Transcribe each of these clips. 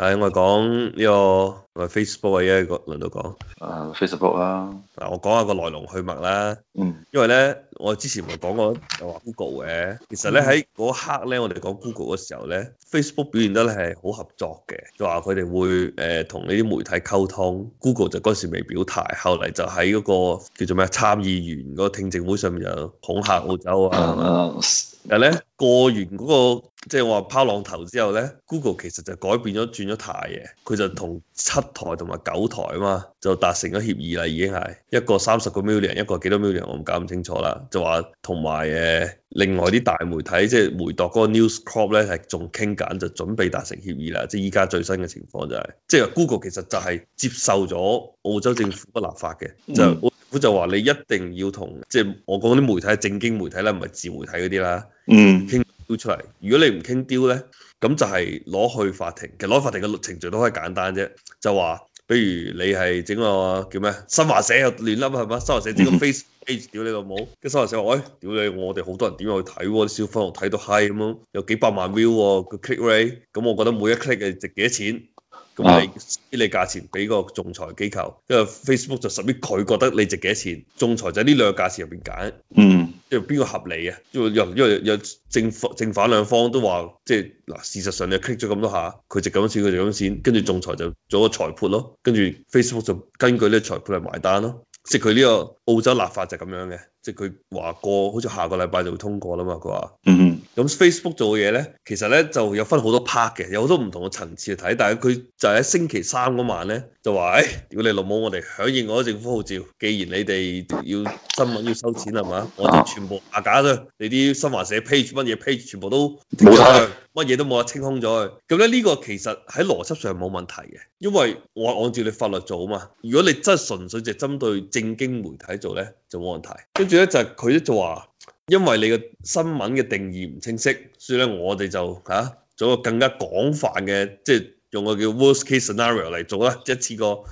係，我係講呢個 Facebook 嘅啫，係咪啊、輪到講。Uh, Facebook 啊，Facebook 啦，嗱，我講下個來龍去脈啦。嗯。因為咧，我之前咪講過就話 Google 嘅，其實咧喺嗰刻咧，我哋講 Google 嘅時候咧，Facebook 表現得係好合作嘅，就話佢哋會誒同呢啲媒體溝通。Google 就嗰時未表態，後嚟就喺嗰、嗰個叫做咩參議員嗰聽證會上面就恐嚇澳洲啊。Uh, uh. 但係咧過完嗰、那個即係我話拋浪頭之後咧，Google 其實就改變咗轉咗軚嘅，佢就同七台同埋九台啊嘛，就達成咗協議啦，已經係一個三十個 million，一個幾多 million，我唔搞咁清楚啦，就話同埋誒另外啲大媒體即係、就是、梅鐸嗰個 news corp 咧係仲傾緊，就準備達成協議啦，即係依家最新嘅情況就係、是，即、就、係、是、Google 其實就係接受咗澳洲政府嘅立法嘅，就是。就話你一定要同即係我講啲媒體係正經媒體啦，唔係自媒體嗰啲啦。嗯，傾丟出嚟。如果你唔傾丟咧，咁就係攞去法庭。其實攞去法庭嘅程序都好簡單啫。就話，比如你係整個叫咩？新華社又亂凹係嘛？新華社整個 face page，屌你老母。跟新華社話：喂，屌你！我哋好多人點樣去睇喎、啊，啲小粉紅睇到嗨咁樣、啊，有幾百萬 view 喎、啊、個 click rate。咁我覺得每一 click 係值幾多錢？你你價錢俾個仲裁機構，因為 Facebook 就屬於佢覺得你值幾多錢，仲裁就係呢兩個價錢入邊揀，嗯、mm，即係邊個合理啊？因為因為有正正反兩方都話，即係嗱事實上你傾咗咁多下，佢值咁多錢，佢值咁多錢，跟住仲裁就做個裁判咯，跟住 Facebook 就根據呢個裁判嚟埋單咯，即係佢呢個澳洲立法就係咁樣嘅，即係佢話過好似下個禮拜就會通過啦嘛，佢話。咁 Facebook 做嘅嘢咧，其實咧就有分好多 part 嘅，有好多唔同嘅層次去睇。但係佢就喺星期三嗰晚咧，就話誒、哎，如果你老母，我哋響應我哋政府號召，既然你哋要新聞要收錢係嘛，我就全部下架咗。你啲新華社 page 乜嘢 page 全部都冇晒，乜嘢都冇得清空咗去。咁咧呢個其實喺邏輯上冇問題嘅，因為我按照你法律做啊嘛。如果你真係純粹就針對政經媒體做咧，就冇問題。跟住咧就佢、是、咧就話。因為你個新聞嘅定義唔清晰，所以咧我哋就嚇、啊、做個更加廣泛嘅，即係用個叫 worst case scenario 嚟做啦，一次過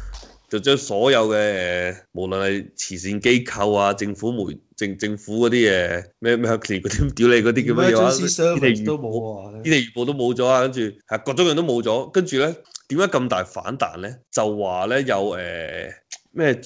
就將所有嘅誒，無論係慈善機構啊、政府媒政政府嗰啲嘢，咩咩黑錢嗰啲屌你嗰啲叫咩嘢話？天氣預報都冇喎，天氣預報都冇咗啊！跟住係各種樣都冇咗，跟住咧點解咁大反彈咧？就話咧有誒。呃咩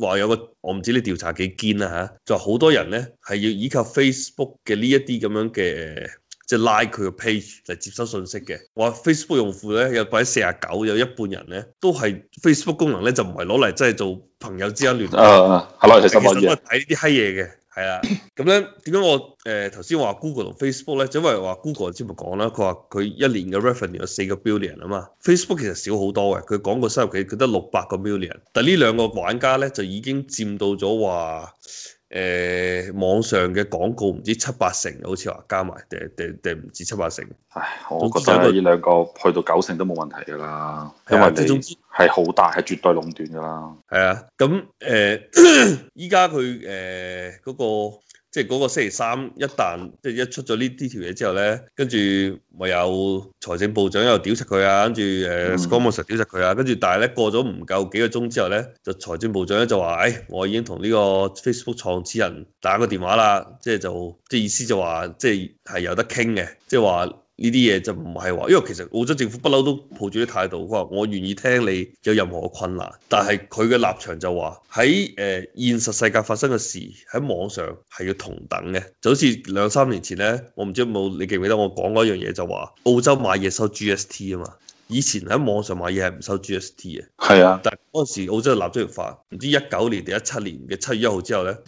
話有個，我唔知你調查幾堅啊，嚇，就好多人咧係要依靠 Facebook 嘅呢一啲咁樣嘅，誒即係拉佢個 page 嚟接收信息嘅。話 Facebook 用戶咧有百四啊九，有一半人咧都係 Facebook 功能咧就唔係攞嚟即係做朋友之間聯絡。誒係咯，啊啊、是其實好多人都睇呢啲閪嘢嘅。係啊，咁咧點解我誒頭、呃、先話 Google 同 Facebook 咧？就因為話 Google 先冇講啦，佢話佢一年嘅 Revenue 有四個 billion 啊嘛，Facebook 其實少好多嘅，佢講個收入佢佢得六百個 million 但係呢兩個玩家咧就已經佔到咗話。誒、呃，網上嘅廣告唔知七八成，好似話加埋，定定定唔止七八成。唉，我覺得呢兩個去到九成都冇問題噶啦，啊、因為你係好大，係絕對壟斷噶啦。係啊，咁誒，依家佢誒嗰個。即係嗰個星期三，一旦即係、就是、一出咗呢啲條嘢之後咧，跟住咪有財政部長又屌柒佢啊，跟住誒 ScoMo 屌柒佢啊，跟住但係咧過咗唔夠幾個鐘之後咧，就財政部長咧就話：誒、哎，我已經同呢個 Facebook 創始人打個電話啦，即係就即、是、係、就是、意思就話，即係係有得傾嘅，即係話。呢啲嘢就唔係話，因為其實澳洲政府不嬲都抱住啲態度，佢話我願意聽你有任何嘅困難，但係佢嘅立場就話喺誒現實世界發生嘅事喺網上係要同等嘅。就好似兩三年前呢，我唔知有冇你記唔記得我講嗰樣嘢就話澳洲買嘢收 GST 啊嘛，以前喺網上買嘢係唔收 GST 嘅，係啊，但嗰陣時澳洲立咗條法，唔知一九年定一七年嘅七月一號之後呢。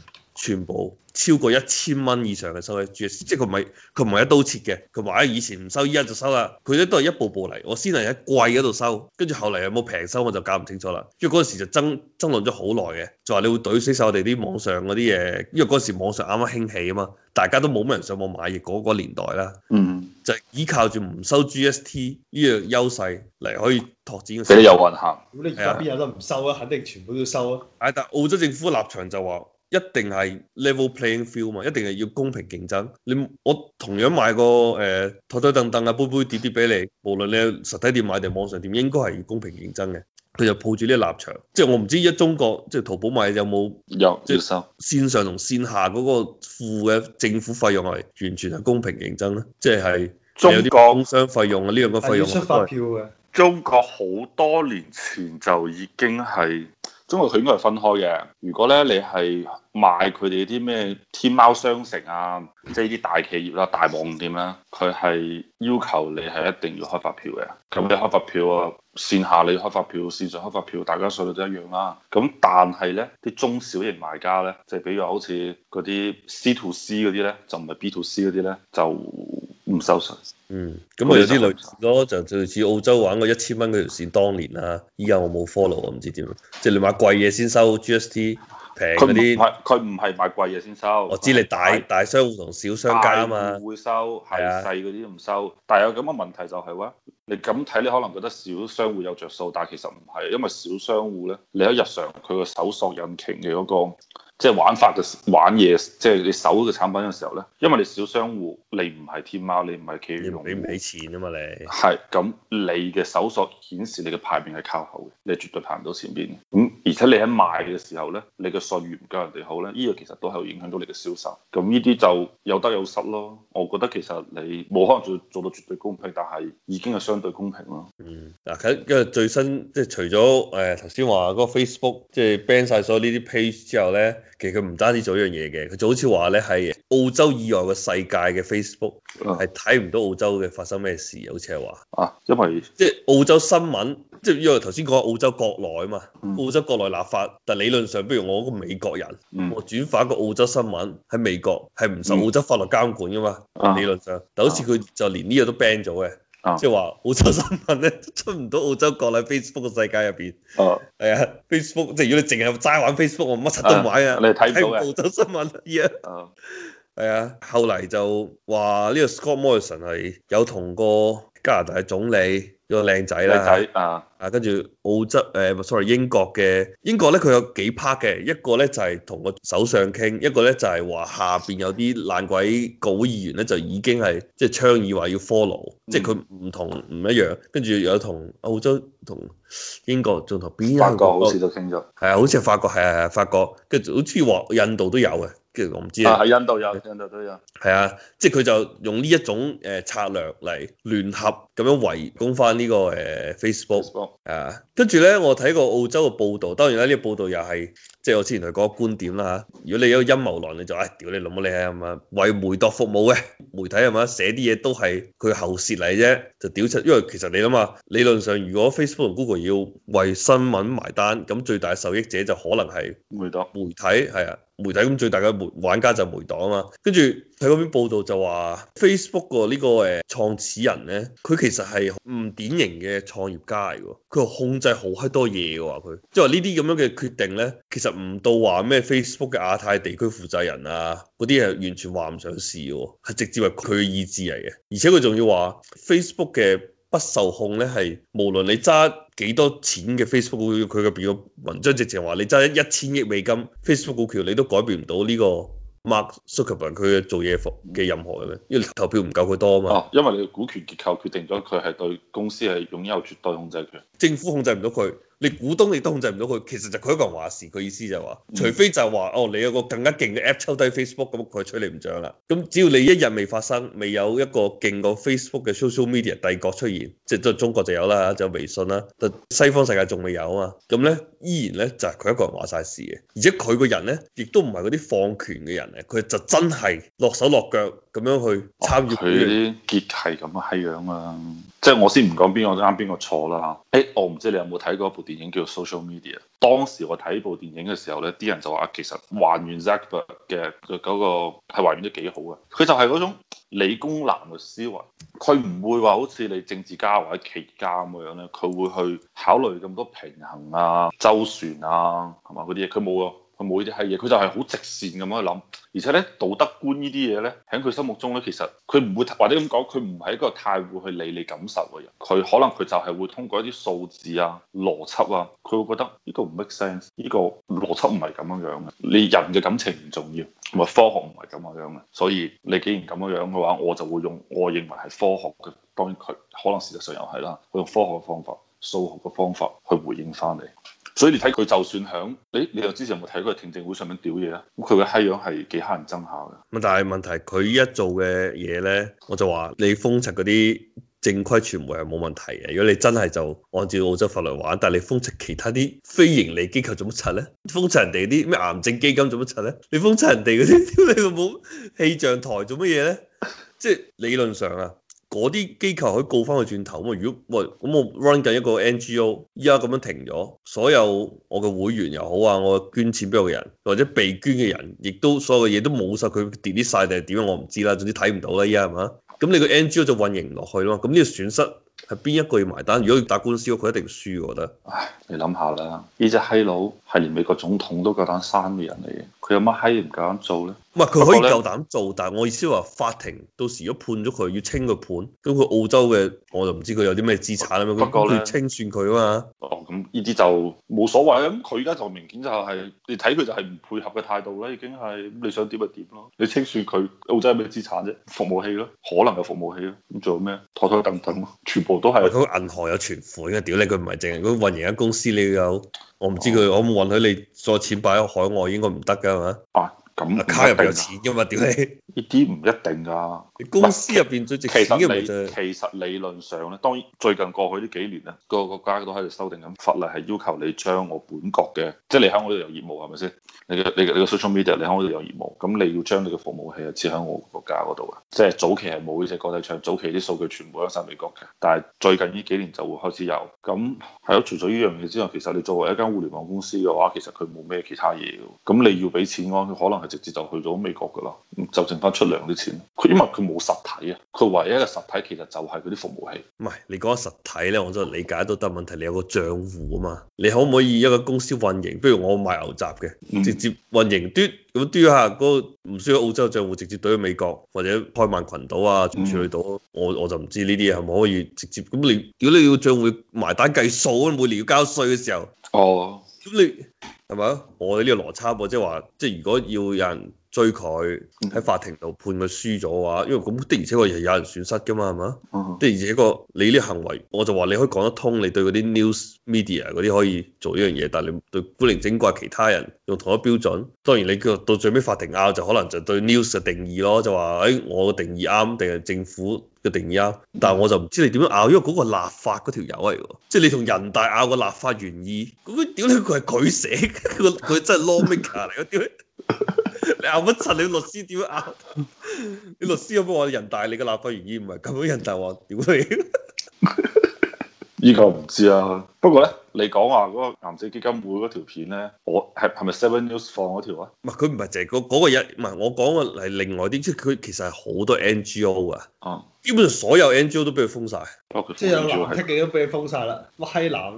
全部超過一千蚊以上嘅收 GST，即係佢唔係佢唔係一刀切嘅，佢話咧以前唔收依家就收啦。佢咧都係一步步嚟，我先係喺貴嗰度收，跟住後嚟有冇平收我就搞唔清楚啦。因為嗰時就爭爭論咗好耐嘅，就話你會懟死曬我哋啲網上嗰啲嘢，因為嗰時網上啱啱興起啊嘛，大家都冇乜人上網買嘢嗰個年代啦。嗯。就依靠住唔收 GST 呢個優勢嚟可以拓展個。俾啲油混下。咁你而家邊有都唔收啊？肯定全部都要收啊！係，但澳洲政府立場就話。一定係 level playing field 嘛，一定係要公平競爭。你我同樣買個誒，台台凳凳啊，杯杯碟碟俾你，無論你實體店買定網上店，應該係要公平競爭嘅。佢就抱住呢個立場，即係我唔知而家中國即係淘寶買有冇有即係線上同線下嗰個付嘅政府費用係完全係公平競爭咧，即係有啲工商費用啊呢樣嘅費用係出發票嘅。中國好多年前就已經係。因為佢應該係分開嘅。如果咧你係賣佢哋啲咩天貓商城啊，即係啲大企業啦、大網店啦、啊，佢係要求你係一定要開發票嘅。咁你開發票啊，線下你開發票，線上開發票，大家稅率都一樣啦、啊。咁但係咧，啲中小型賣家咧，即、就、係、是、比如話好似嗰啲 C to C 嗰啲咧，就唔係 B to C 嗰啲咧，就。唔收稅。嗯，咁有啲類似咯，就類似澳洲玩過一千蚊嗰條線，當年啦，依家我冇 follow，唔知點。即係你買貴嘢先收 GST，平啲。佢唔係，佢唔係買貴嘢先收。我知你大是大商戶同小商家啊嘛。會收係細嗰啲都唔收。但係有咁嘅問題就係、是、話，你咁睇你可能覺得小商戶有着數，但係其實唔係，因為小商戶咧，你喺日常佢個搜索引擎嘅嗰、那個。即係玩法嘅玩嘢，即係你搜嘅產品嘅時候咧，因為你小商戶，你唔係天貓，你唔係企業，你唔俾錢啊嘛你？係咁，你嘅搜索顯示你嘅排名係靠後嘅，你絕對爬唔到前邊嘅。咁而且你喺賣嘅時候咧，你嘅信譽唔夠人哋好咧，呢、這個其實都係會影響到你嘅銷售。咁呢啲就有得有失咯。我覺得其實你冇可能做做到絕對公平，但係已經係相對公平咯。嗯。嗱，喺因為最新 book, 即係除咗誒頭先話嗰 Facebook 即係 ban 晒所有呢啲 page 之後咧。其實佢唔單止做一樣嘢嘅，佢就好似話咧係澳洲以外嘅世界嘅 Facebook 係睇唔、啊、到澳洲嘅發生咩事，好似係話。啊，因為即係澳洲新聞，即係因為頭先講澳洲國內啊嘛，嗯、澳洲國內立法，但理論上，不如我一個美國人，嗯、我轉發一個澳洲新聞喺美國係唔受澳洲法律監管噶嘛，嗯、理論上，啊啊、但好似佢就連呢個都 ban 咗嘅。即係話澳洲新聞咧出唔到澳洲國喺 Facebook 嘅世界入邊，哦、啊，係啊，Facebook 即係如果你淨係齋玩 Facebook，我乜柒都玩啊！你睇到澳洲新聞一樣，係啊，後嚟就話呢個 Scott Morrison 係有同過加拿大嘅總理。一個靚仔啦，仔啊，啊，跟住澳洲，誒、uh，sorry，英國嘅英國咧，佢有幾 part 嘅，一個咧就係同個首相傾，一個咧就係、是、話下邊有啲爛鬼國會議員咧就已經係即係倡議話要 follow，即係佢唔同唔一樣，跟住又有同澳洲、同英國仲同邊一個國家好似都傾咗，係啊，好似係法國，係係係法國，跟住好似話印度都有嘅。我唔知啊，係印度有，印度都有。係啊，即係佢就用呢一種誒策略嚟聯合咁樣圍攻翻呢個誒 Facebook 啊。跟住咧，我睇過澳洲嘅報道，當然咧呢、這個報道又係即係我之前係講嘅觀點啦吓。如果你有陰謀論，你就誒、哎，屌你老母，你係咪為媒體服務嘅媒體係嘛？寫啲嘢都係佢後事嚟啫，就屌出。因為其實你諗下，理論上如果 Facebook 同 Google 要為新聞埋單，咁最大受益者就可能係媒體、媒體係啊。媒體，咁最大嘅玩家就係媒黨啊嘛，跟住喺嗰邊報道就話 Facebook 個呢個誒創始人咧，佢其實係唔典型嘅創業家嚟喎，佢控制好閪多嘢喎佢，即係話呢啲咁樣嘅決定咧，其實唔到話咩 Facebook 嘅亞太地區負責人啊嗰啲係完全話唔上事嘅，係直接係佢嘅意志嚟嘅，而且佢仲要話 Facebook 嘅。不受控咧，係無論你揸幾多錢嘅 Facebook 股，佢嘅邊個文章直情話你揸一千億美金 Facebook 股票，你都改變唔到呢個 Mark Zuckerberg 佢嘅做嘢嘅任何嘅，因為投票唔夠佢多嘛啊嘛。哦，因為你嘅股權結構決定咗佢係對公司係擁有絕對控制權。政府控制唔到佢。你股東你都控制唔到佢，其實就佢一個人話事。佢意思就話，除非就話哦，你有個更加勁嘅 app 抽低 Facebook 咁，佢吹你唔脹啦。咁只要你一日未發生，未有一個勁過 Facebook 嘅 social media 帝國出現，即係都中國就有啦，就微信啦，但西方世界仲未有啊。咁咧依然咧就係佢一個人話晒事嘅，而且佢個人咧亦都唔係嗰啲放權嘅人咧，佢就真係落手落腳咁樣去參與佢啲結係咁啊係樣啊！即係我先唔講邊個啱邊個錯啦嚇。誒我唔知你有冇睇過電影叫 Social Media。當時我睇部電影嘅時候呢，啲人就話其實還原 Zuck 嘅嗰個係還原得幾好嘅。佢就係嗰種理工男嘅思維，佢唔會話好似你政治家或者企業家咁嘅樣，佢會去考慮咁多平衡啊、周旋啊，係嘛嗰啲嘢，佢冇㗎。佢冇呢啲閪嘢，佢就係好直線咁樣去諗，而且咧道德觀呢啲嘢咧喺佢心目中咧，其實佢唔會或者咁講，佢唔係一個太會去理你感受嘅人，佢可能佢就係會通過一啲數字啊、邏輯啊，佢會覺得呢個唔 make sense，呢個邏輯唔係咁樣樣嘅，你人嘅感情唔重要，同埋科學唔係咁樣樣嘅，所以你既然咁樣樣嘅話，我就會用我認為係科學嘅，當然佢可能事實上又係啦，我用科學嘅方法、數學嘅方法去回應翻你。所以你睇佢就算響，誒，你又之前有冇睇過佢聽證會上面屌嘢啊？咁佢嘅閪樣係幾乞人憎下嘅。咁但係問題，佢一做嘅嘢咧，我就話你封殺嗰啲正規傳媒係冇問題嘅。如果你真係就按照澳洲法律玩，但係你封殺其他啲非盈利機構做乜柒咧？封殺人哋啲咩癌症基金做乜柒咧？你封殺人哋嗰啲，你 冇氣象台做乜嘢咧？即係理論上啊。嗰啲機構可以告翻佢轉頭咁啊！如果喂咁我 run 緊一個 NGO，依家咁樣停咗，所有我嘅會員又好啊，我捐錢俾我嘅人或者被捐嘅人，亦都所有嘅嘢都冇晒。佢 delete 晒定係點啊？我唔知啦，總之睇唔到啦，依家係嘛？咁你個 NGO 就運營唔落去咯，咁呢個損失。係邊一個要埋單？如果要打官司，佢一定輸。我覺得，唉，你諗下啦，呢隻閪佬係連美國總統都夠膽刪嘅人嚟嘅，佢有乜閪唔夠膽做咧？唔係佢可以夠膽做，但係我意思話法庭到時如果判咗佢，要清個盤，咁佢澳洲嘅，我就唔知佢有啲咩資產啦。不過咧，清算佢啊嘛。哦，咁呢啲就冇所謂。咁佢而家就明顯就係，你睇佢就係唔配合嘅態度啦，已經係。你想點就點咯。你清算佢澳洲有咩資產啫？服務器咯，可能有服務器咯。咁做咩？妥妥等等咯，全部。都係，嗰個銀行有存款嘅，屌你佢唔係淨係。如果運營間公司你有，我唔知佢、哦、可唔可以允許你再錢擺喺海外，應該唔得嘅係嘛？咁卡入邊有錢噶嘛？屌你！呢啲唔一定噶。公司入邊最值錢嘅啫。其實理論上咧，當然最近過去呢幾年咧，個個國家都喺度修訂緊法例，係要求你將我本國嘅，即係你喺我度有業務係咪先？你嘅你你嘅 social media 你喺我度有業務，咁你，你，你，你要將你嘅服務器啊設喺我國家嗰度啊。即係早期係冇呢隻國際牆，早期啲數據全部喺晒美國嘅。但係最近呢幾年就會開始有。咁係咯，除咗呢樣嘢之外，其實你作為一間互聯網公司嘅話，其實佢冇咩其他嘢嘅。咁你要俾錢佢可能係。直接就去咗美國㗎啦，就剩翻出糧啲錢。佢因為佢冇實體啊，佢唯一嘅實體其實就係佢啲服務器。唔係，你講實體咧，我真係理解到，但問題你有個賬戶啊嘛，你可唔可以一個公司運營？不如我賣牛雜嘅，直接運營端咁端下個唔需要澳洲賬戶，直接對去美國或者開曼群島啊，仲處理到？我我就唔知呢啲係咪可以直接咁？你如果你要賬戶埋單計數，每年要交稅嘅時候，哦咁、啊、你。係咪啊？我哋呢個邏輯喎，即係話，即係如果要有人。追佢喺法庭度判佢輸咗，話，因為咁的而且確係有人損失噶嘛，係嘛、哦？的而且確你呢行為，我就話你可以講得通，你對嗰啲 news media 嗰啲可以做呢樣嘢，但係你對古靈精怪其他人用同一標準。當然你叫到最尾法庭拗就可能就對 news 嘅定義咯，就話誒、哎、我嘅定義啱定係政府嘅定義啱，但係我就唔知你點樣拗，因為嗰個立法嗰條友嚟喎，即係你同人大拗個立法原意他他，咁屌你佢係佢寫，佢佢真係 lawmaker 嚟。 你拗乜柒？你律師點拗？你律師有冇話人大？你個立法原意唔係咁樣，人大話，屌你！依舊唔知啊。不過呢。你講話嗰個癌症基金會嗰條片咧，我係係咪 Seven News 放嗰條啊？唔係佢唔係淨係嗰嗰個一，唔、那、係、個那個、我講個嚟另外啲，即係佢其實係好多 NGO 啊，嗯、基本上所有 NGO 都俾佢封晒，哦、封即係有藍色嘅都俾佢封晒啦。乜閪藍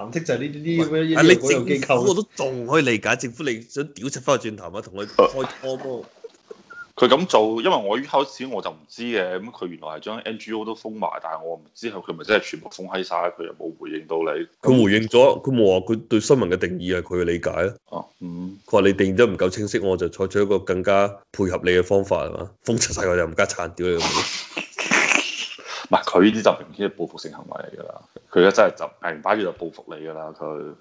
藍色就係呢啲咁樣一啲嗰類機構。嗯、我都仲可以理解政府你想屌柒翻個轉頭啊，同佢開拖波。 佢咁做，因為我開始我就唔知嘅，咁佢原來係將 NGO 都封埋，但係我唔知佢咪真係全部封喺晒。佢又冇回應到你。佢回應咗，佢冇話佢對新聞嘅定義係佢嘅理解啊。哦，嗯。佢話你定義得唔夠清晰，我就採取一個更加配合你嘅方法係嘛？封七晒，我又唔加鏟屌你！唔係， 佢呢啲就明顯係報復性行為嚟㗎啦。佢而家真係就明擺住就報復你㗎啦，佢。